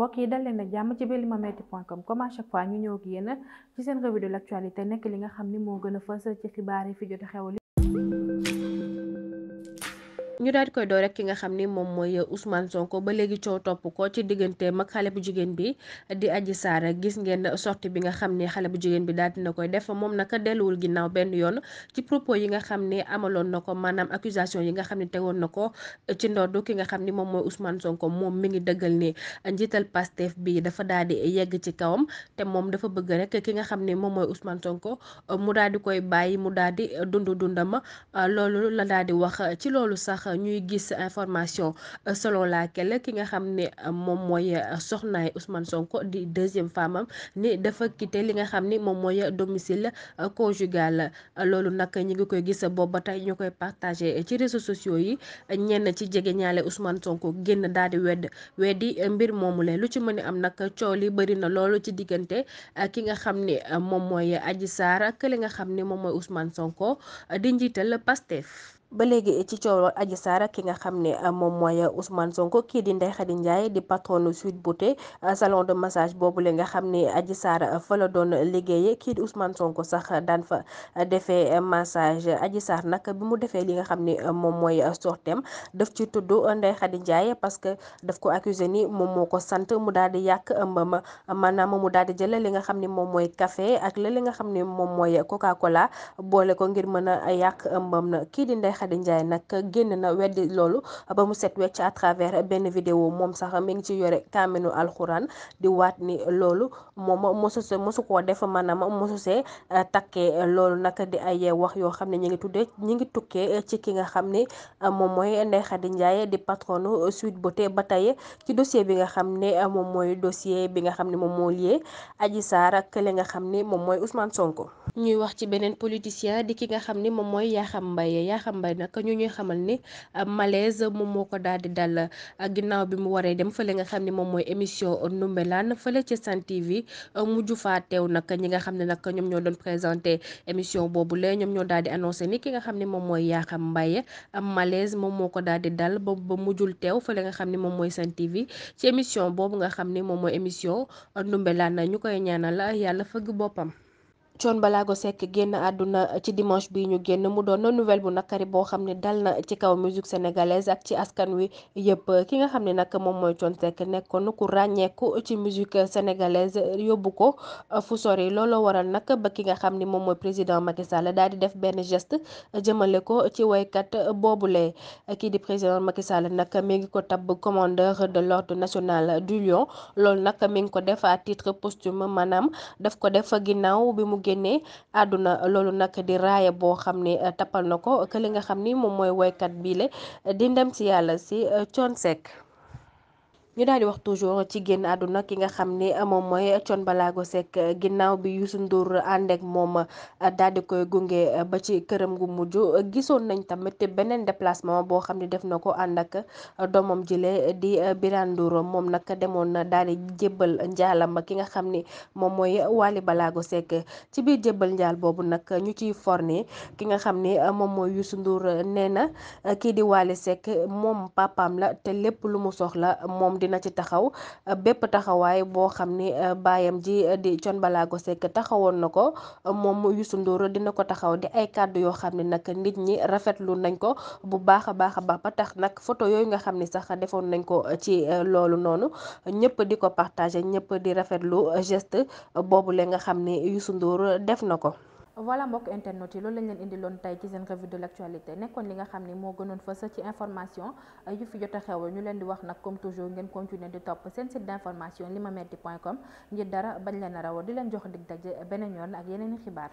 mbokk yi dal leen a jàmm ci limametti.com comme à chaque fois ñu ñëw ci seen revue de l' actualité nekk li nga xam ni moo gën a fës ci xibaar yi fi jot a ñu daal di koy doo rek ki nga xam ni moom mooy Ousmane Sonko ba léegi coow topp ko ci digganteem ak xale bu jigéen bi di Adji Sarr gis ngeen sortie bi nga xam ni xale bu jigéen bi daal dina koy def moom naka delluwul ginnaaw benn yoon ci propos yi nga xam ni amaloon na ko maanaam yi nga xam ni tegoon na ko ci ndoddu ki nga xam ni moom mooy Ousmane Sonko moom mi ngi dëggal ni njiital Pastef bi dafa daal di yegg ci kawam te moom dafa bëgg rek ki nga xam ni moom mooy Ousmane Sonko mu daal di koy bàyyi mu daal di dund ma loolu la daal di wax ci loolu sax ñuy gis information selon laquelle ki nga xam ne moom mooy soxnaay Ousmane Sonko di deuxième femme ni dafa quitté li nga xam ni moom mooy domicile conjugal loolu nag ñu ngi koy gis booba tey ñu koy partagé ci réseaux sociaux yi ñenn ci jege ñaale Ousmane génn daal di wedd weddi mbir moomu leen lu ci mën a am nag coow li bëri na loolu ci diggante ki nga xam ni moom mooy Adji Sarr li nga xam ni moom mooy Ousmane Sonko di njiital Pastef ba léegi ci coow lool Adji Sarr ki nga xam ne euh, moom mooy euh, Ousmane Sonko kii di Ndeye Khady Ndiaye di patron Sweet bouté euh, salon de massage boobu le nga xam ne Adji Sarr fa la liggéeyee kii di Sonko sax daan fa defee massage Adji Sarr nag bi mu defee li nga xam ni moom mooy sortem daf ci tudd Ndeye Khady Ndiaye parce que def ko accusé ni moom moo ko sant mu daal di yàq ëmbam maanaam mu daal di jël li nga xam ni moom mooy café ak la li nga xam ne moom mooy Coca Cola boole ko ngir mën a yàq ëmbam na kii di Ndeye Khady Ndiaye nag génn na weddi loolu ba mu set wecc à travers benn vidéo moom sax mi ngi ci yore kaaminu alxuraan di waat ni loolu moom mosu see mosu koo def maanaam mosu see euh, takkee loolu nag di ay wax yoo xam ne ñu ngi tuddee ñu ngi tukkee ci ki nga xam ne euh, moom mooy Ndeye Ndiaye di patronu Sweet Beauté ba tey ci dossier bi nga xam ne euh, moom mooy dossier bi nga xam ne moom moo lié Adji Sarr ak nga xam ne moom mooy usmaan Sonko. ñuy wax ci beneen politicien di ki nga xam ne moom mooy Yakham Mbaye foofee nag ñu ñuy xamal ni euh, malaise moom moo ko daal di dal euh, ginnaaw bi mu waree dem fële nga xam ne moom mooy émission Ndoumbelane fële ci Sen TV euh, mujj faa teew nag ñi nga xam ne nag ñoom ñoo doon présenté émission boobu la ñoom ñoo daal di annoncé ni ki nga xam ne moom mooy Yakham Mbaye malaise moom moo ko daal di dal ba ba mujjul teew fële nga xam ni moom mooy Sen TV ci émission boobu nga xam ne moom mooy émission Ndoumbelane ñu koy ñaanal yàlla fëgg boppam. Thione Ballago Seck génn àdduna ci dimanche bi ñu génn mu doon na nouvelle bu nakari boo xam ne dal na ci kaw musique sénégalaise ak ci askan wi yëpp ki nga xam ne nag moom mooy Thione Seck nekkoon ku ràññeeku ci musique sénégalaise yóbbu ko fu sori looloo waral nag ba ki nga xam ni moom mooy président Macky Sall daal di def benn gest jëmale ko ci waykat boobule kii di président Macky Sall nag mi ngi ko tabb commandeur de l'ordre national du Lion loolu nag mi ngi ko def à titre posthume maanaam daf ko def ginnaaw bi mu génnee àdduna loolu nag di raaya boo xam ne euh, tappal na ko kële nga xam ni moom mooy woykat bii le di ndem si yàlla si euh, Thione Seck ñu daal di wax toujours ci génn àdduna ki nga xam ni moom mooy Thione Ballago Seck ginnaaw bi Youssou Ndour ànd ak moom daal di koy gunge ba ci këram gu mujj gisoon nañ tamit beneen déplacement boo xam ne def na ko ànd ak doomam jile di Birane Ndour moom nag demoon na daal di jébbal njaalam ki nga xam ni moom mooy Waly Ballago Seck ci biir jébbal njaal boobu nag ñu ciy forni ki nga xam ni moom mooy Youssou Ndour nee na kii di Waly Seck moom papaam la te lépp lu mu soxla moom. dina ci taxaw euh, bépp taxawaay boo xam ni euh, baayam ji euh, di Thione Ballago Seck taxawoon na ko moom Youssou Ndour dina ko taxaw di ay kàddu yoo xam ne nag nit ñi rafetlu nañ ko bu baax a baax a baax ba tax nag foto yooyu nga xam ni sax defoon nañ ko ci loolu noonu ñëpp di ko partagé ñëpp di rafetlu geste boobu le nga xam ni Youssou Ndour def na ko voilà mbokk internet yi loolu lañ leen indi loon tey ci seen revue de l'actualité nekkoon li nga xam ni moo gënoon fës ci information yu fi jot a xew ñu leen di wax nag comme toujours ngeen continuer di topp seen site d'information limametti point com ngir dara bañ leen a raw di leen jox dig daje beneen yoon ak yeneen i xibaar